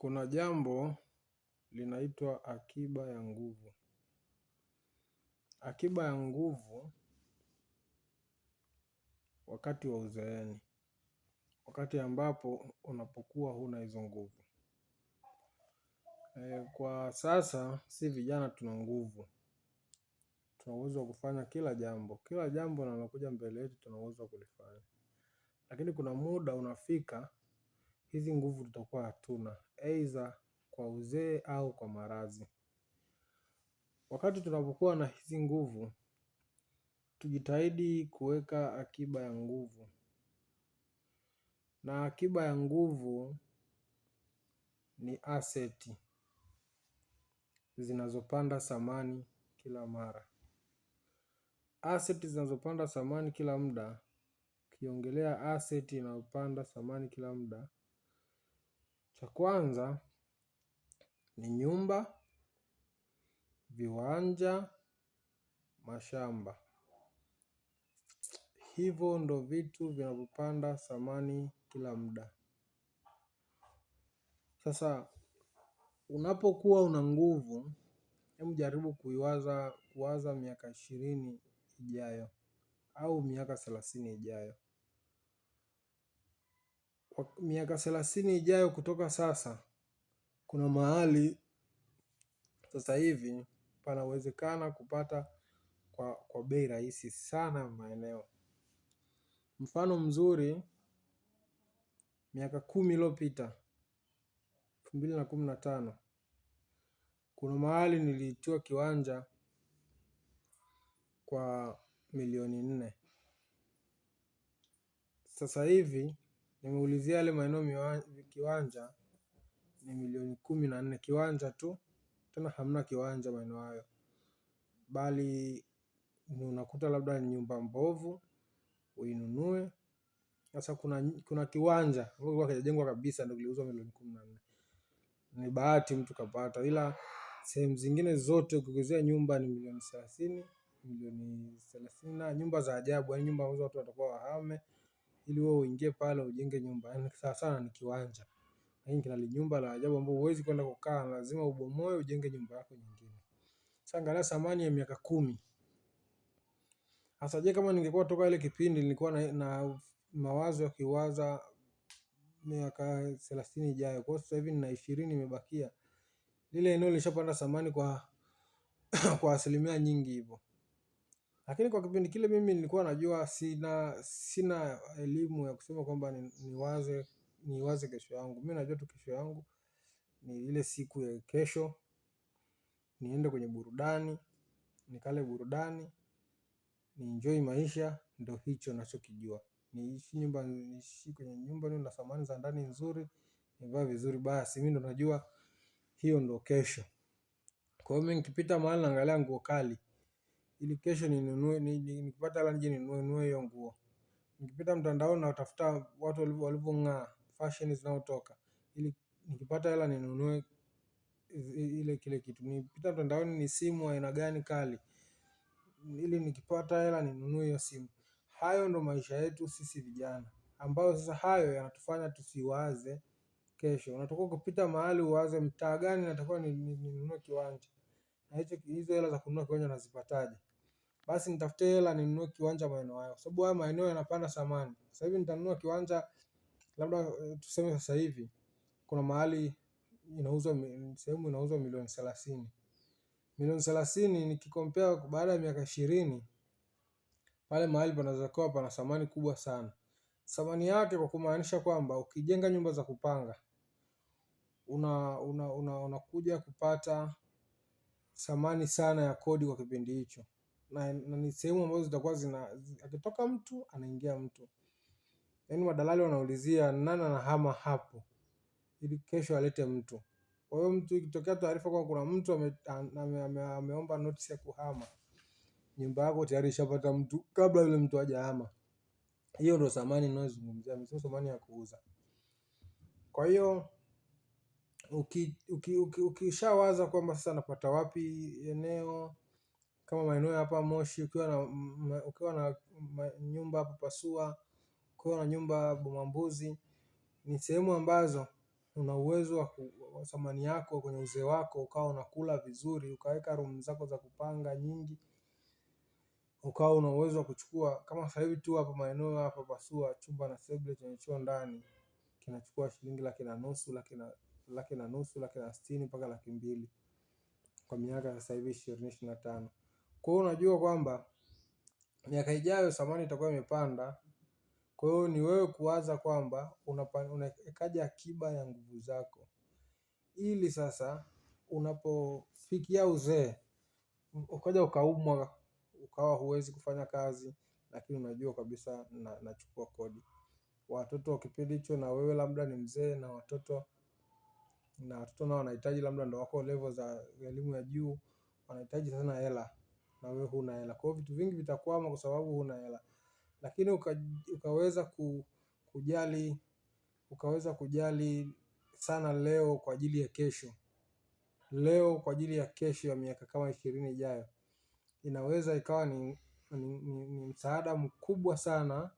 Kuna jambo linaitwa akiba ya nguvu. Akiba ya nguvu wakati wa uzeeni, wakati ambapo unapokuwa huna hizo nguvu. E, kwa sasa si vijana tuna nguvu, tuna uwezo wa kufanya kila jambo, kila jambo linalokuja mbele yetu tuna uwezo wa kulifanya, lakini kuna muda unafika hizi nguvu tutakuwa hatuna, aidha kwa uzee au kwa maradhi. Wakati tunapokuwa na hizi nguvu, tujitahidi kuweka akiba ya nguvu. Na akiba ya nguvu ni aseti zinazopanda thamani kila mara. Aseti zinazopanda thamani kila muda ukiongelea aseti inayopanda thamani kila muda cha kwanza ni nyumba, viwanja, mashamba. Hivyo ndo vitu vinavyopanda thamani kila muda. Sasa unapokuwa una nguvu, hebu jaribu kuiwaza kuwaza miaka ishirini ijayo au miaka thelathini ijayo kwa miaka thelathini ijayo kutoka sasa, kuna mahali sasa hivi panawezekana kupata kwa, kwa bei rahisi sana maeneo. Mfano mzuri miaka kumi iliyopita elfu mbili na kumi na tano kuna mahali niliitiwa kiwanja kwa milioni nne. Sasa hivi Nimeulizia yale maeneo kiwanja ni milioni kumi na nne kiwanja tu tena hamna kiwanja maeneo hayo. Bali unakuta labda nyumba mbovu uinunue. Sasa kuna kiwanja ambao kijajengwa kabisa ndio kiliuzwa milioni kumi na nne. Ni bahati mtu kapata ila sehemu zingine zote ukiulizia nyumba ni milioni thelathini. Milioni thelathini na nyumba za ajabu yaani nyumba ambazo watu watakuwa wahame ili wewe uingie pale ujenge nyumba. Yaani sana sana ni kiwanja. Lakini kina nyumba la ajabu ambao huwezi kwenda kukaa, lazima ubomoe ujenge nyumba yako nyingine. Sasa angalia samani ya miaka kumi. Sasa je, kama ningekuwa toka ile kipindi nilikuwa na, na mawazo ya kiwaza miaka thelathini ijayo. Kwa hiyo sasa hivi nina ishirini imebakia. Lile eneo lishapanda samani kwa kwa asilimia nyingi hivo. Lakini kwa kipindi kile mimi nilikuwa najua sina sina elimu ya kusema kwamba niwaze niwaze kesho yangu. Mimi najua tu kesho yangu ni ile siku ya kesho, niende kwenye burudani, nikale burudani, nienjoy maisha, ndo hicho nachokijua. Niishi nyumba niishi kwenye nyumba niwe na samani za ndani nzuri, nivaa vizuri basi, mi ndo najua hiyo ndo kesho. Kwa hiyo mi nikipita mahali naangalia nguo kali, ili kesho ninunue nikipata hela nije ninunue hiyo nguo. Nikipita na nawatafuta watu walivyong'aa fashion zinaotoka ili nikipata hela ninunue ile kile kitu. Nikipita mtandaoni ni simu aina gani kali ili nikipata hela ninunue hiyo simu. Hayo ndo maisha yetu sisi vijana ambayo sasa hayo yanatufanya tusiwaze kesho. Unatakiwa kupita mahali uwaze mtaa gani natakiwa ninunue kiwanja. Na hizo hela za kununua kiwanja nazipataje? basi nitafute hela ninunue kiwanja maeneo hayo, kwa sababu haya maeneo yanapanda thamani. Sasa hivi nitanunua kiwanja labda eh, tuseme sasa hivi kuna mahali inauzwa sehemu inauzwa milioni thelathini. Milioni thelathini nikikompea baada ya miaka ishirini pale mahali panaweza kuwa pana thamani kubwa sana. Thamani yake kwa kumaanisha kwamba ukijenga nyumba za kupanga una una unakuja kupata thamani sana ya kodi kwa kipindi hicho na ni sehemu ambazo zitakuwa zina akitoka mtu anaingia mtu. Yaani madalali wanaulizia nani anahama hapo ili kesho alete mtu. Kwa hiyo mtu ikitokea taarifa kwamba kuna mtu ame, ame, ame, ameomba notisi ya kuhama nyumba yako tayari ishapata mtu kabla yule mtu hajahama. Hiyo ndio samani ninayozungumzia, sio samani ya kuuza. Kwa hiyo ukishawaza kwamba sasa napata wapi eneo kama maeneo hapa Moshi ukiwa na nyumba hapa Pasua, ukiwa na nyumba Bomambuzi ni sehemu ambazo una uwezo wa thamani yako kwenye uzee wako ukawa unakula vizuri, ukaweka room zako za kupanga nyingi, ukawa una uwezo wa kuchukua kama sasa hivi tu hapa maeneo hapa Pasua chumba na sebule chenye choo ndani kinachukua shilingi laki na nusu, laki na nusu, laki na sitini mpaka laki mbili kwa miaka sasa hivi ishirini ishirini na tano. Kwa hiyo unajua kwamba miaka ijayo samani itakuwa imepanda. Kwa hiyo ni wewe kuwaza kwamba unawekaje akiba ya nguvu zako ili sasa unapofikia uzee ukaja ukaumwa ukawa huwezi kufanya kazi lakini unajua kabisa nachukua kodi. Watoto wa kipindi hicho na wewe labda ni mzee na watoto na watoto nao wanahitaji labda ndo wako level za elimu ya juu wanahitaji sana hela na wewe huna hela. Kwa hiyo vitu vingi vitakwama kwa sababu huna hela, lakini uka, ukaweza kujali ukaweza kujali sana leo kwa ajili ya kesho, leo kwa ajili ya kesho ya miaka kama ishirini ijayo, inaweza ikawa ni, ni, ni, ni msaada mkubwa sana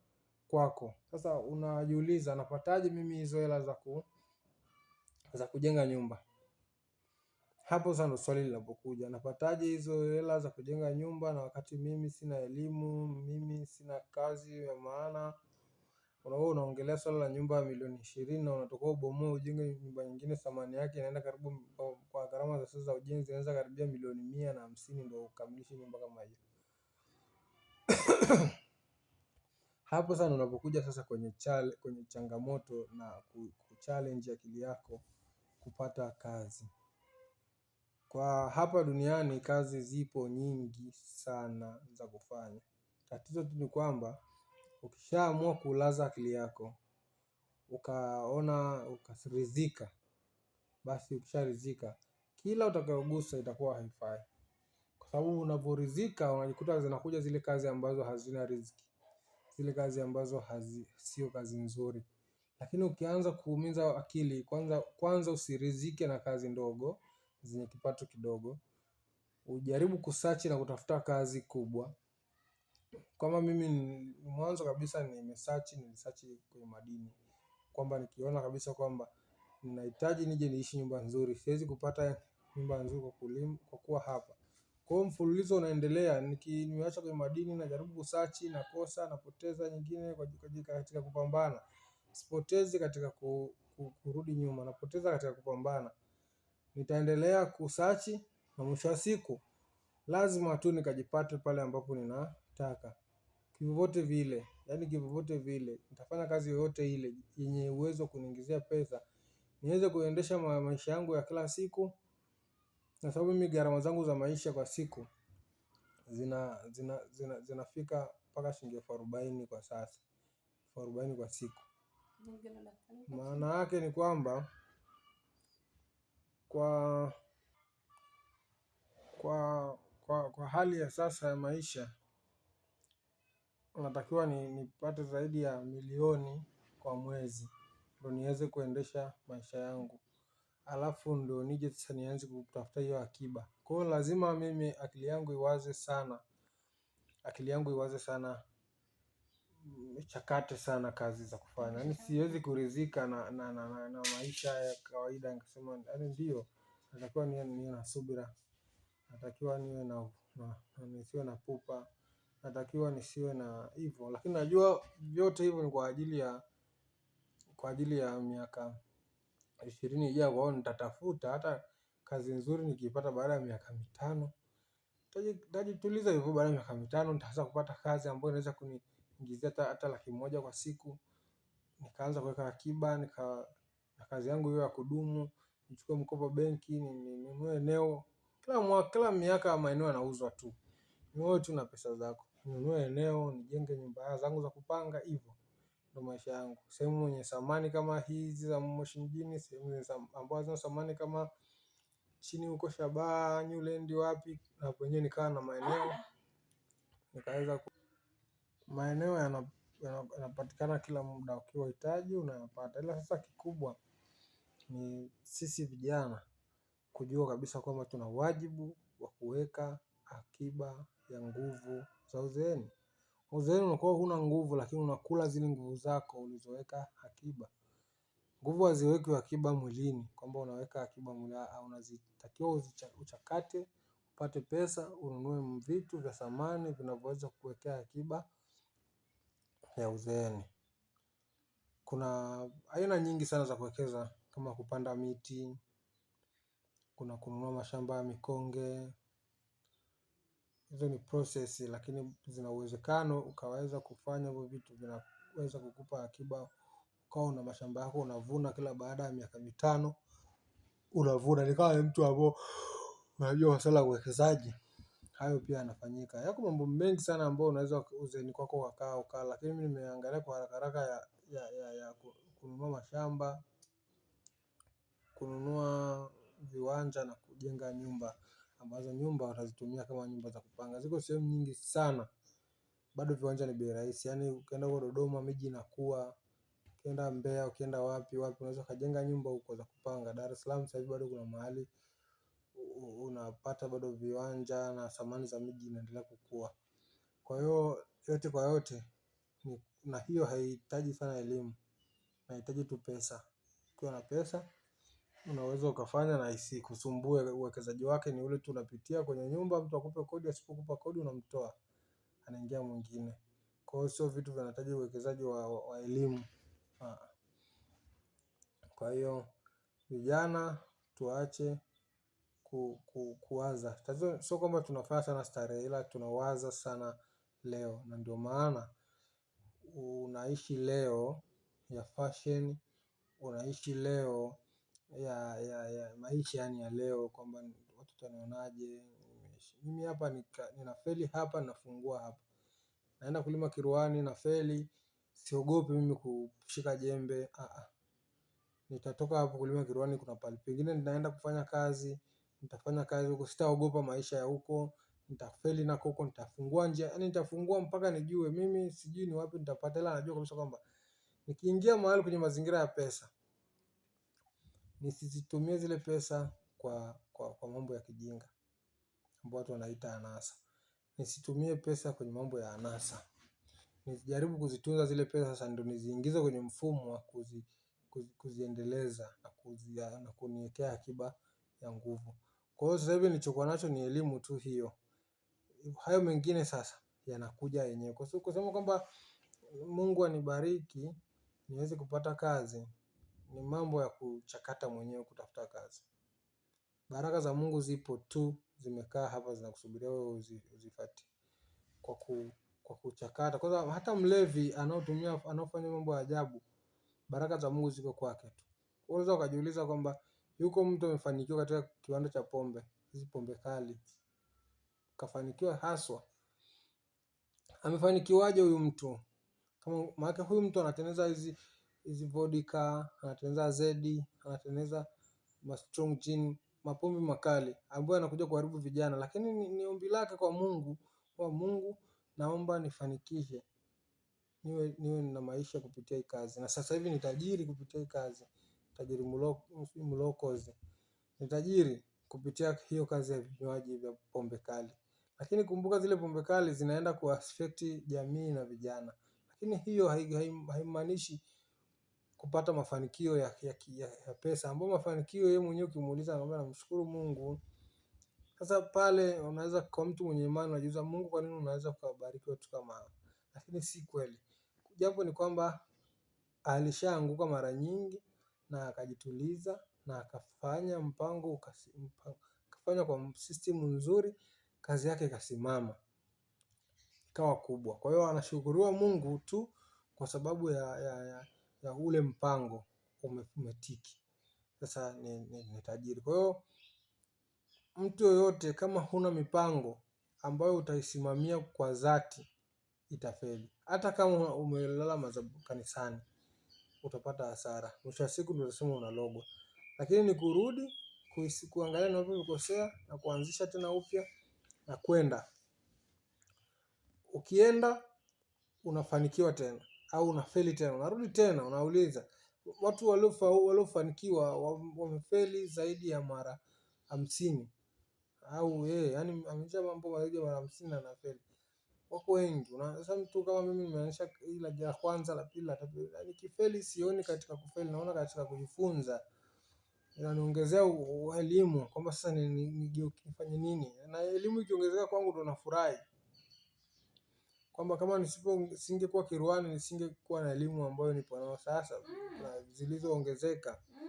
kwako. Sasa unajiuliza napataje mimi hizo hela za ku za kujenga nyumba? Hapo sasa ndo swali linapokuja, napataje hizo hela za kujenga nyumba na wakati mimi sina elimu, mimi sina kazi ya maana? Unaona, unaongelea swala la nyumba ya milioni ishirini na unatoka ubomoe ujenge nyumba nyingine, thamani yake inaenda karibu, kwa gharama za sasa za ujenzi, inaweza karibia milioni mia na hamsini ndo ukamilishe nyumba kama hiyo. Hapo sasa unapokuja sasa kwenye chale, kwenye changamoto na kuchallenge akili yako kupata kazi. Kwa hapa duniani kazi zipo nyingi sana za kufanya. Tatizo tu ni kwamba ukishaamua kulaza akili yako ukaona ukaridhika. Basi ukisharidhika kila utakayogusa itakuwa haifai. Kwa sababu unavyoridhika unajikuta zinakuja zile kazi ambazo hazina riziki. Zile kazi ambazo sio kazi nzuri. Lakini ukianza kuumiza akili kwanza usiridhike na kazi ndogo zenye kipato kidogo, ujaribu kusearch na kutafuta kazi kubwa. Kama mimi mwanzo kabisa nimesearch, nilisearch kwenye madini kwamba nikiona kabisa kwamba ninahitaji nije niishi nyumba nzuri, siwezi kupata nyumba nzuri kwa kuwa hapa. Kwa hiyo mfululizo unaendelea, nimeacha kwenye madini najaribu kusearch nakosa, napoteza nyingine katika kupambana. Sipotezi katika kurudi nyuma napoteza katika kupambana nitaendelea kusachi na mwisho wa siku lazima tu nikajipate pale ambapo ninataka kivyovyote vile, yani kivyovyote vile nitafanya kazi yoyote ile yenye uwezo wa kuniingizia pesa niweze kuendesha maisha yangu ya kila siku na sababu mimi gharama zangu za maisha kwa siku zina zina zina zinafika mpaka shilingi elfu arobaini kwa sasa elfu arobaini kwa siku maana yake ni kwamba kwa hali ya sasa ya maisha natakiwa nipate zaidi ya milioni kwa mwezi ndo niweze kuendesha maisha yangu. Alafu ndo nije sasa nianze kutafuta hiyo akiba. Kwa hiyo lazima mimi akili yangu iwaze sana. Akili yangu iwaze sana chakate sana kazi za kufanya yaani siwezi kuridhika na, na, na, na, na maisha ya kawaida nikasema yaani ndio natakiwa niwe na subira natakiwa niwe na, na, na nisiwe na pupa natakiwa nisiwe na hivyo lakini najua vyote hivyo ni kwa ajili ya kwa ajili ya miaka ishirini ijayo Kwao nitatafuta hata kazi nzuri nikiipata baada ya miaka mitano tajituliza hivyo baada ya miaka mitano nitaweza kupata kazi ambayo inaweza kuni nikajiingizia hata hata laki moja kwa siku, nikaanza kuweka akiba, nika na kazi yangu hiyo ya kudumu, nichukue mkopo benki, ninunue eneo. Kila kila miaka maeneo yanauzwa tu, ni wewe tu na pesa zako, ninunue eneo, nijenge nyumba zangu za kupanga, hivyo ndo maisha yangu. Sehemu yenye samani kama hizi za Moshi mjini, sehemu ambazo zina samani kama chini huko Shabaha, Newland wapi, na hapo nikawa na maeneo, nikaweza maeneo yanapatikana kila muda ukiwahitaji unayapata ila sasa kikubwa ni sisi vijana kujua kabisa kwamba tuna wajibu wa kuweka akiba ya nguvu za uzeeni. Uzeeni unakuwa huna nguvu lakini unakula zile nguvu zako ulizoweka akiba. Nguvu haziweki akiba mwilini kwamba unaweka akiba mwili, unazitakiwa uchakate upate pesa ununue vitu vya samani vinavyoweza kukuwekea akiba ya uzeeni. Kuna aina nyingi sana za kuwekeza kama kupanda miti, kuna kununua mashamba ya mikonge. Hizo ni process lakini zina uwezekano ukaweza kufanya hivyo vitu vinaweza kukupa akiba ukawa una mashamba yako unavuna kila baada ya miaka mitano unavuna ni kama ni mtu ambao unajua masuala ya uwekezaji hayo pia yanafanyika. Yako mambo mengi sana ambayo unaweza uzeni kwako wakaa ukala lakini mimi nimeangalia kwa haraka haraka ya kununua mashamba, kununua viwanja na kujenga nyumba ambazo nyumba watazitumia kama nyumba za kupanga. Ziko sehemu nyingi sana. Bado viwanja ni bei rahisi yaani ukienda huko Dodoma miji inakuwa ukienda Mbeya ukienda wapi wapi unaweza ukajenga nyumba huko za kupanga. Dar es Salaam sasa hivi bado kuna mahali unapata bado viwanja na thamani za miji inaendelea kukua. Kwa hiyo yote kwa yote na hiyo haihitaji sana elimu, inahitaji tu pesa. Ukiwa na pesa unaweza ukafanya na isikusumbue. Uwekezaji wake ni ule tu unapitia kwenye nyumba, mtu akupe kodi, asipokupa kodi unamtoa anaingia mwingine. Kwa hiyo sio vitu vinahitaji uwekezaji wa elimu. Ah. Kwa hiyo vijana tuache ku, ku, kuwaza. Tatizo sio kwamba tunafanya sana starehe, ila tunawaza sana leo, na ndio maana unaishi leo ya fashion, unaishi leo ya, ya, ya maisha yani ya leo kwamba watu watanionaje. Mimi hapa ninafeli hapa, nafungua hapa, naenda kulima kiruani na feli, siogopi mimi kushika jembe. Ah, ah. Nitatoka hapo kulima kiruani kuna pale pengine ninaenda kufanya kazi nitafanya kazi huko, sitaogopa maisha ya huko, nitafeli na huko, nitafungua njia, yani nitafungua mpaka nijue mimi sijui ni wapi nitapata, ila najua kabisa kwamba nikiingia mahali kwenye mazingira ya pesa nisizitumie zile pesa kwa, kwa, kwa mambo ya kijinga ambao watu wanaita anasa. Nisitumie pesa kwenye mambo ya anasa. nijaribu kuzitunza zile pesa sasa ndio niziingize kwenye mfumo wa kuzi, kuzi, kuziendeleza na, kuzi, na kuniwekea akiba ya nguvu. Kwa hiyo sasa hivi nilichokuwa nacho ni elimu tu hiyo. Hayo mengine sasa yanakuja yenyewe. Kwa kusema kwamba Mungu anibariki niweze kupata kazi ni mambo ya kuchakata mwenyewe kutafuta kazi. Baraka za Mungu zipo tu zimekaa hapa zinakusubiria wewe uzifuate kwa kuchakata. sababu hata mlevi anaotumia anaofanya mambo ya ajabu baraka za Mungu ziko kwake tu. Unaweza ukajiuliza kwamba Yuko mtu amefanikiwa katika kiwanda cha pombe, hizi pombe kali. Kafanikiwa haswa. Amefanikiwaje huyu mtu? Kama maana huyu mtu anatengeneza hizi hizi vodka, anatengeneza zedi, anatengeneza ma strong gin, mapombe makali ambayo anakuja kuharibu vijana, lakini ni, ni ombi lake kwa Mungu, kwa Mungu naomba nifanikishe niwe niwe na maisha kupitia hii kazi, na sasa hivi ni tajiri kupitia hii kazi tajiri mlokozi ni tajiri kupitia hiyo kazi ya vinywaji vya pombe kali. Lakini kumbuka zile pombe kali zinaenda kuaffect jamii na vijana. Lakini hiyo haimaanishi hai, hai kupata mafanikio ya ya, ya, ya pesa ambayo mafanikio yeye mwenyewe ukimuuliza anakwambia namshukuru Mungu. Sasa pale unaweza kwa mtu mwenye imani unajiuliza Mungu kwa nini unaweza kubariki watu kama hao? Lakini si kweli. Japo ni kwamba alishaanguka mara nyingi na akajituliza na akafanya mpango akafanya kwa system nzuri, kazi yake ikasimama ikawa kubwa. Kwa hiyo anashukuriwa Mungu tu kwa sababu ya, ya, ya, ya ule mpango umetiki. Sasa ni, ni, ni tajiri. Kwa hiyo mtu yoyote kama huna mipango ambayo utaisimamia kwa dhati itafeli, hata kama umelala kanisani utapata hasara. Mwisho wa siku ndio unalogwa. Lakini ni kurudi kuangalia na wapi ulikosea na kuanzisha tena upya na kwenda. Ukienda unafanikiwa tena au unafeli tena, unarudi tena, unauliza watu waliofanikiwa wamefeli zaidi ya mara hamsini au yeye eh, yani amesha mambo zaidi ya mara hamsini na anafeli wako wengi. Sasa mtu kama mimi nimeonyesha ila ya kwanza, la pili, la tatu, nikifeli sioni katika kufeli, naona katika kujifunza. Inaniongezea elimu kwamba sasa ni nifanye nini, na elimu ikiongezeka kwangu ndo nafurahi kwamba kama nisipo singekuwa kiruani nisingekuwa na elimu ambayo nipo nayo sasa na zilizoongezeka. Mm.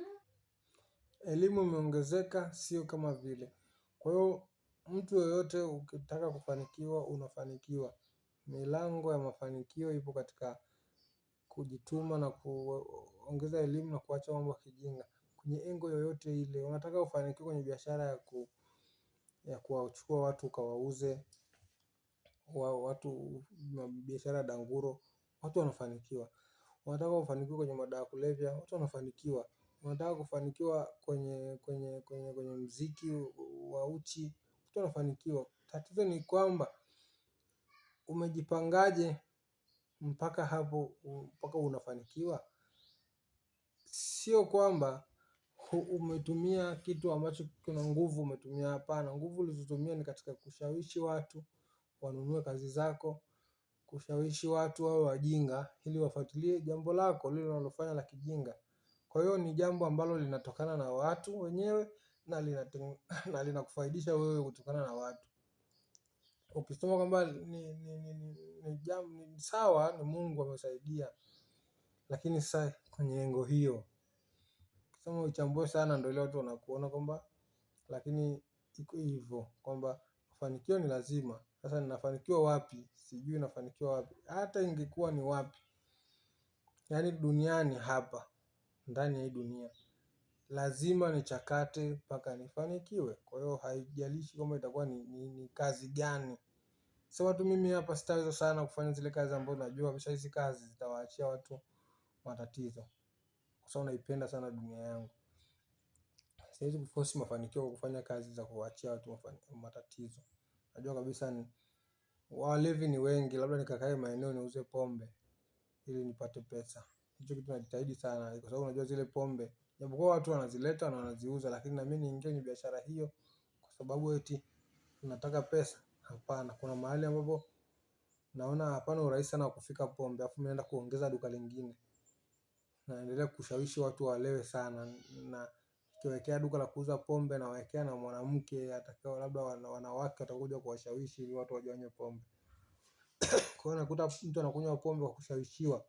Elimu imeongezeka sio kama vile. Kwa hiyo mtu yoyote ukitaka kufanikiwa unafanikiwa. Milango ya mafanikio ipo katika kujituma na kuongeza elimu na kuacha mambo ya kijinga. Kwenye engo yoyote ile unataka ufanikiwe kwenye biashara ya kuwachukua watu ukawauze watu biashara ya danguro watu wanafanikiwa. Unataka ufanikiwe kwenye madawa kulevya watu wanafanikiwa. Unataka kufanikiwa kwenye mziki wa uchi utafikia mafanikio. Tatizo ni kwamba umejipangaje mpaka hapo mpaka unafanikiwa. Sio kwamba umetumia kitu ambacho kuna nguvu umetumia hapana. Nguvu ulizotumia ni katika kushawishi watu wanunue kazi zako. Kushawishi watu wawe wajinga ili wafuatilie jambo lako lile unalofanya la kijinga. Kwa hiyo ni jambo ambalo linatokana na watu wenyewe na linakufaidisha wewe kutokana na watu. Ukisema kwamba ni, ni, ni, ni, ni, ni sawa, ni Mungu amesaidia, lakini sasa kwenye lengo hiyo ukisema uchambue sana, ndio ile watu wanakuona kwamba, lakini iko hivyo kwamba mafanikio ni lazima. Sasa ninafanikiwa wapi? Sijui nafanikiwa wapi. Hata ingekuwa ni wapi, yaani duniani hapa, ndani ya hii dunia lazima nichakate mpaka nifanikiwe. Kwa hiyo haijalishi kwamba itakuwa ni, ni, ni kazi gani. Sema tu mimi hapa sitaweza sana kufanya zile kazi ambazo najua kabisa hizi kazi zitawaachia watu matatizo. Kwa sababu naipenda sana dunia yangu. Siwezi kuforce mafanikio kwa kufanya kazi za kuwaachia watu matatizo. Najua kabisa ni walevi ni wengi labda nikakae maeneo niuze pombe ili nipate pesa hicho kitu najitahidi sana, kwa sababu unajua zile pombe, japokuwa watu wanazileta na wanaziuza, lakini na mimi niingie kwenye biashara hiyo kwa sababu eti nataka pesa. Hapana, kuna mahali ambapo naona hapana urahisi sana kufika pombe, afu mimi naenda kuongeza duka lingine, naendelea kushawishi watu walewe sana, na nikiwekea duka la kuuza pombe nawekea na mwanamke atakao, labda wanawake watakuja kuwashawishi ili watu wajanywe pombe. Kwa hiyo unakuta mtu anakunywa pombe kwa kushawishiwa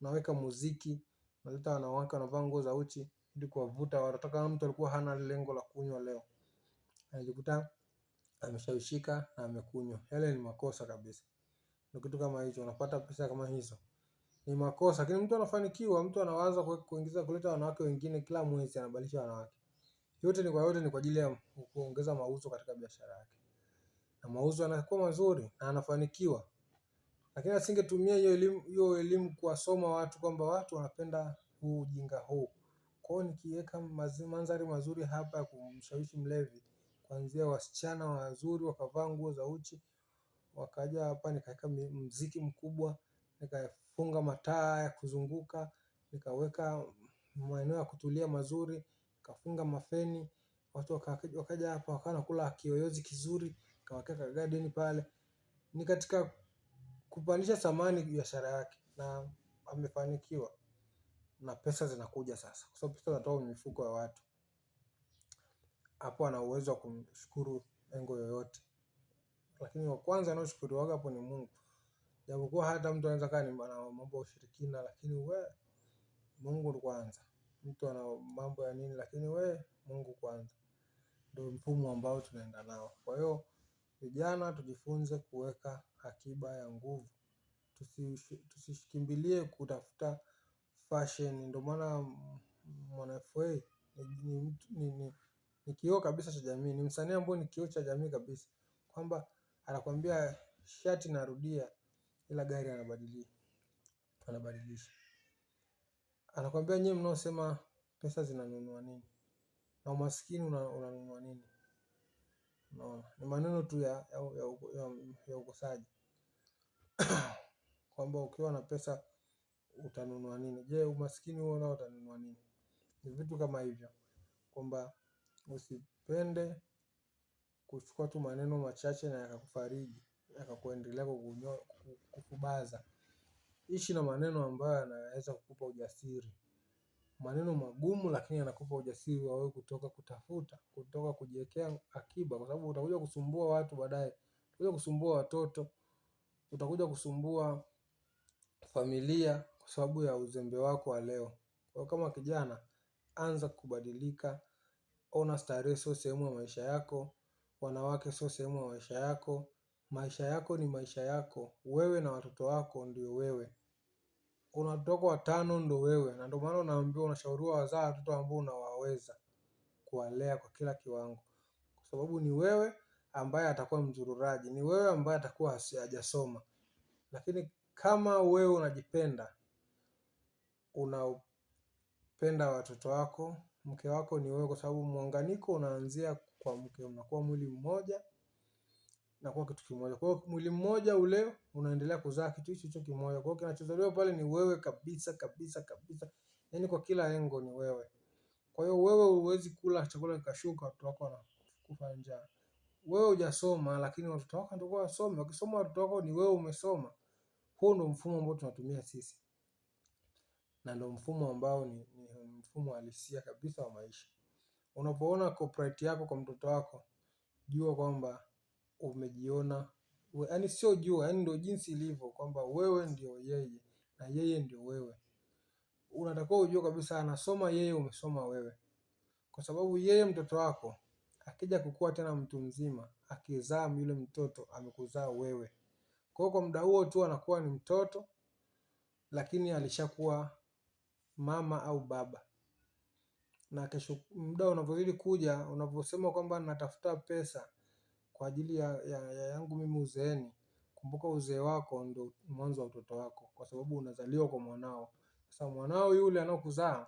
unaweka muziki, unaleta wanawake wanavaa nguo za uchi ili kuwavuta wanatoka kama mtu alikuwa hana lengo la kunywa leo anajikuta ameshawishika na amekunywa yale ni makosa kabisa ndio kitu kama hicho unapata pesa kama hizo ni makosa lakini mtu anafanikiwa mtu anawaza kuingiza kuleta wanawake wengine kila mwezi anabadilisha wanawake yote ni kwa yote ni kwa ajili ya kuongeza mauzo katika biashara yake na mauzo yanakuwa mazuri na anafanikiwa lakini asingetumia hiyo elimu hiyo elimu kuwasoma watu kwamba watu wanapenda huu ujinga huu. Kwa hiyo nikiweka mandhari mazuri hapa ya kumshawishi mlevi kuanzia wasichana wazuri wakavaa nguo za uchi wakaja hapa nikaweka mziki mkubwa nikafunga mataa ya kuzunguka nikaweka maeneo ya kutulia mazuri nikafunga mafeni watu wakaja hapa wakawa nakula kiyoyozi kizuri nikawawekea kagadeni pale ni katika kupandisha thamani biashara yake na amefanikiwa na pesa zinakuja sasa, kwa sababu pesa zinatoka kwenye mifuko ya watu. Hapo ana uwezo wa kumshukuru engo yoyote, lakini wa kwanza anaoshukuriwaga hapo ni Mungu. Japokuwa hata mtu anaweza kaa ni ana mambo ya ushirikina, lakini we Mungu kwanza. Mtu ana mambo ya nini, lakini we Mungu kwanza, ndio mfumo ambao tunaenda nao. Kwa hiyo vijana tujifunze kuweka akiba ya nguvu. Tusikimbilie kutafuta fashion ndio maana mwanaFA ni kioo kabisa cha jamii. Ni msanii ambaye ni kioo cha jamii kabisa kwamba anakuambia shati narudia ila gari anabadilia anabadilisha. Anakuambia nyie mnaosema pesa zinanunua nini na umaskini unanunua nini. Unaona, ni maneno tu ya ukosaji kwamba ukiwa na pesa utanunua nini? Je, umaskini huo nao utanunua nini? Ni vitu kama hivyo kwamba usipende kuchukua tu maneno machache na yakakufariji yakakuendelea kukubaza. Ishi na maneno ambayo yanaweza kukupa ujasiri maneno magumu, lakini yanakupa ujasiri wa wewe kutoka kutafuta, kutoka kujiwekea akiba, kwa sababu utakuja kusumbua watu baadaye, utakuja kusumbua watoto, utakuja kusumbua familia kwa sababu ya uzembe wako wa leo. Kwa kama kijana, anza kubadilika. Ona starehe sio sehemu ya maisha yako, wanawake sio sehemu ya maisha yako. Maisha yako ni maisha yako, wewe na watoto wako ndio wewe kuna watoto watano ndo wewe, na ndio maana unaambiwa, unashauriwa wazaa watoto ambao unawaweza kuwalea kwa kila kiwango, kwa sababu ni wewe ambaye atakuwa mzururaji, ni wewe ambaye atakuwa hajasoma. Lakini kama wewe unajipenda, unapenda watoto wako, mke wako ni wewe, kwa sababu muunganiko unaanzia kwa mke, unakuwa mwili mmoja inakuwa kitu kimoja. Kwa hiyo mwili mmoja ule unaendelea kuzaa kitu hicho hicho kimoja. Kwa hiyo kinachozaliwa pale ni wewe kabisa kabisa kabisa, yaani kwa kila engo ni wewe. Kwa hiyo wewe huwezi kula chakula kikashuka, watoto wako wanakufa njaa. Wewe hujasoma, lakini watoto wako ndio wasome. Wakisoma watoto wako ni wewe umesoma. Huu ndio mfumo ambao tunatumia sisi, na ndio mfumo ambao ni, ni mfumo halisia kabisa wa maisha. Unapoona corporate yako kwa mtoto wako, jua kwamba umejiona yani, sio jua, yani ndio jinsi ilivyo kwamba wewe ndio yeye na yeye ndio wewe. Unatakiwa ujue kabisa anasoma yeye, umesoma wewe, kwa sababu yeye mtoto wako akija kukua tena mtu mzima, akizaa yule mtoto amekuzaa wewe. Kwa hiyo kwa muda huo tu anakuwa ni mtoto, lakini alishakuwa mama au baba. Na kesho muda unavyozidi kuja, unavyosema kwamba natafuta pesa, kwa ajili ya yangu mimi uzeeni. Kumbuka uzee wako ndo mwanzo wa utoto wako kwa sababu unazaliwa kwa mwanao. Sasa mwanao yule anaokuzaa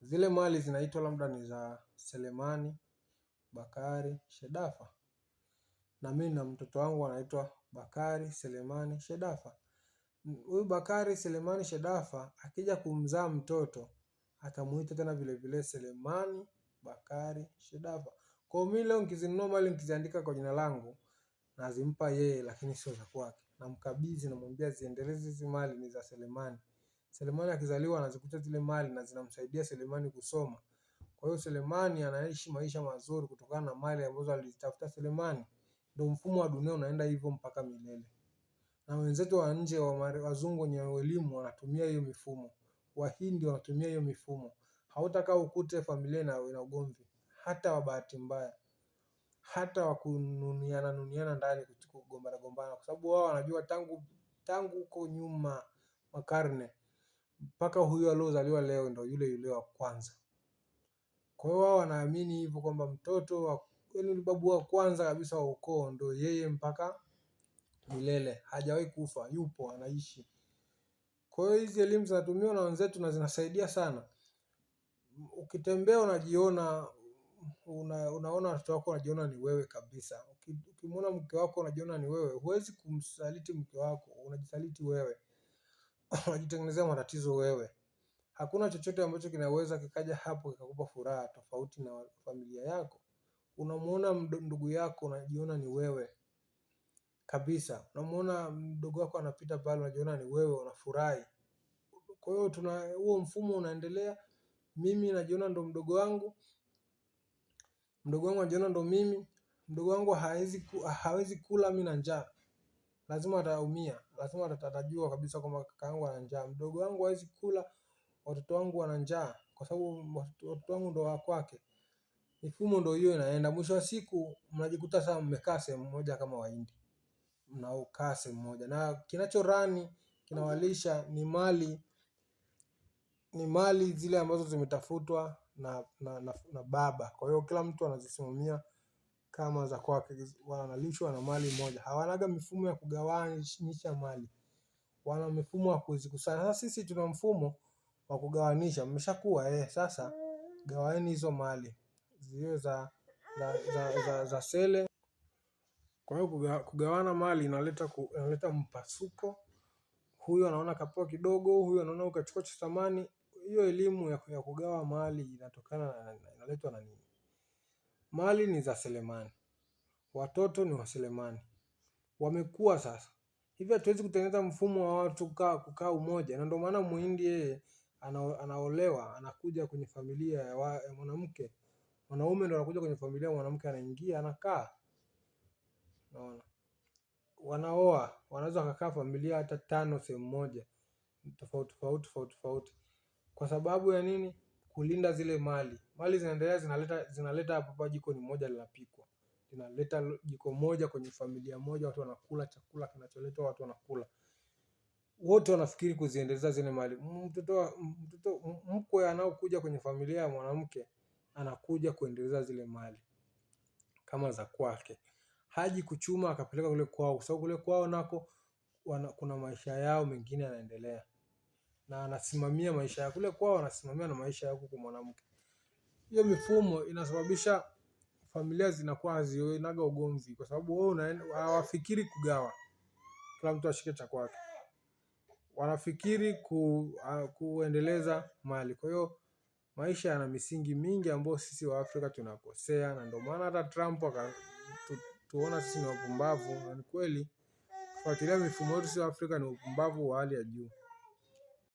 zile mali zinaitwa labda ni za Selemani, Bakari, Shedafa. Na mi na mtoto wangu anaitwa Bakari, Selemani, Shedafa. Huyu Bakari, Selemani, Shedafa akija kumzaa mtoto atamuita tena vile vile Selemani, Bakari, Shedafa. Kwa mimi leo nikizinunua mali nikiziandika kwa jina langu nazimpa yeye lakini sio za kwake. Namkabidhi namwambia ziendeleze hizi mali ni za Selemani. Selemani akizaliwa anazikuta zile mali na zinamsaidia Selemani kusoma. Kwa hiyo Selemani anaishi maisha mazuri kutokana na mali ambazo alizitafuta Selemani. Ndio mfumo wa dunia unaenda hivyo mpaka milele. Na wenzetu wa nje wazungu wenye elimu wanatumia hiyo mifumo. Wahindi wanatumia hiyo mifumo. Hautaka ukute familia ina ugomvi hata wa bahati mbaya, hata wa kununiana nuniana ndani, kugombana gombana, kwa sababu wao wanajua tangu tangu huko nyuma makarne mpaka huyu aliozaliwa leo ndo yule yule wa kwanza. Kwa hiyo wao wanaamini hivyo kwamba mtoto wa yaani babu wa kwanza kabisa wa ukoo ndo yeye mpaka milele, hajawahi kufa, yupo anaishi. Kwa hiyo hizi elimu zinatumiwa na wenzetu na zinasaidia sana. Ukitembea unajiona una, unaona watoto wako unajiona ni wewe kabisa. Ukimwona mke wako unajiona ni wewe, huwezi kumsaliti mke wako, unajisaliti wewe. Unajitengenezea matatizo wewe. Hakuna chochote ambacho kinaweza kikaja hapo kikakupa furaha tofauti na familia yako. Unamwona ndugu yako unajiona ni wewe kabisa. unamwona mdogo wako anapita pale unajiona ni wewe unafurahi. Kwa hiyo tuna huo mfumo unaendelea. Mimi najiona ndo mdogo wangu. Mdogo wangu anajiona ndo mimi, mdogo wangu hawezi hawezi kula mimi na njaa. Lazima ataumia, lazima atajua kabisa kwamba kaka yangu ana njaa. Mdogo wangu hawezi kula, watoto wangu wana njaa kwa sababu watoto wangu ndo wa kwake. Mifumo ndo hiyo inaenda. Mwisho wa siku mnajikuta sasa mmekaa sehemu moja kama Wahindi. Mnaokaa sehemu moja na kinacho rani kinawalisha ni mali ni mali zile ambazo zimetafutwa na, na, na, na baba. Kwa hiyo kila mtu anazisimamia kama za kwake, wanalishwa na mali moja. Hawanaga mifumo ya kugawanisha mali, wana mifumo ya kuzikusanya. Sasa sisi tuna mfumo wa kugawanisha, mmeshakuwa eh, sasa gawaeni hizo mali ziwe za, za, za, za, za sele. Kwa hiyo kugawana mali inaleta, ku, inaleta mpasuko, huyu anaona kapewa kidogo, huyu anaona ukachukua cha thamani hiyo elimu ya kugawa mali inatokana inaletwa na nini? Mali ni za selemani, watoto ni waselemani, wamekuwa sasa hivi. Hatuwezi kutengeneza mfumo wa watu kukaa umoja, na ndio maana muhindi yeye anaolewa anakuja kwenye familia ya mwanamke, mwanaume ndo anakuja kwenye familia ya mwanamke, anaingia anakaa, naona wanaoa, wanaweza wakakaa familia hata tano sehemu moja tofauti tofauti tofauti tofauti, kwa sababu ya nini? Kulinda zile mali. Mali zinaendelea zinaleta zinaleta hapo, jiko ni moja linapikwa. inaleta jiko moja kwenye familia moja watu wanakula chakula kinacholetwa watu wanakula. Wote wanafikiri kuziendeleza zile mali. Mtoto mtoto mkwe anaokuja kwenye familia ya mwanamke anakuja kuendeleza zile mali kama za kwake. Haji kuchuma akapeleka kule kwao kwa sababu kule kwao nako kuna maisha yao mengine yanaendelea na anasimamia maisha ya Kule kwao anasimamia na maisha yako kwa mwanamke. Hiyo mifumo inasababisha familia zinakuwa hazionaga ugomvi kwa sababu wao hawafikiri kugawa. Kila mtu ashike cha kwake. Wanafikiri ku, uh, kuendeleza mali. Kwa hiyo maisha yana misingi mingi ambayo sisi wa Afrika tunakosea na ndio maana hata Trump akatuona sisi ni wapumbavu na ni kweli kufuatilia mifumo yetu sisi wa Afrika ni upumbavu wa hali ya juu.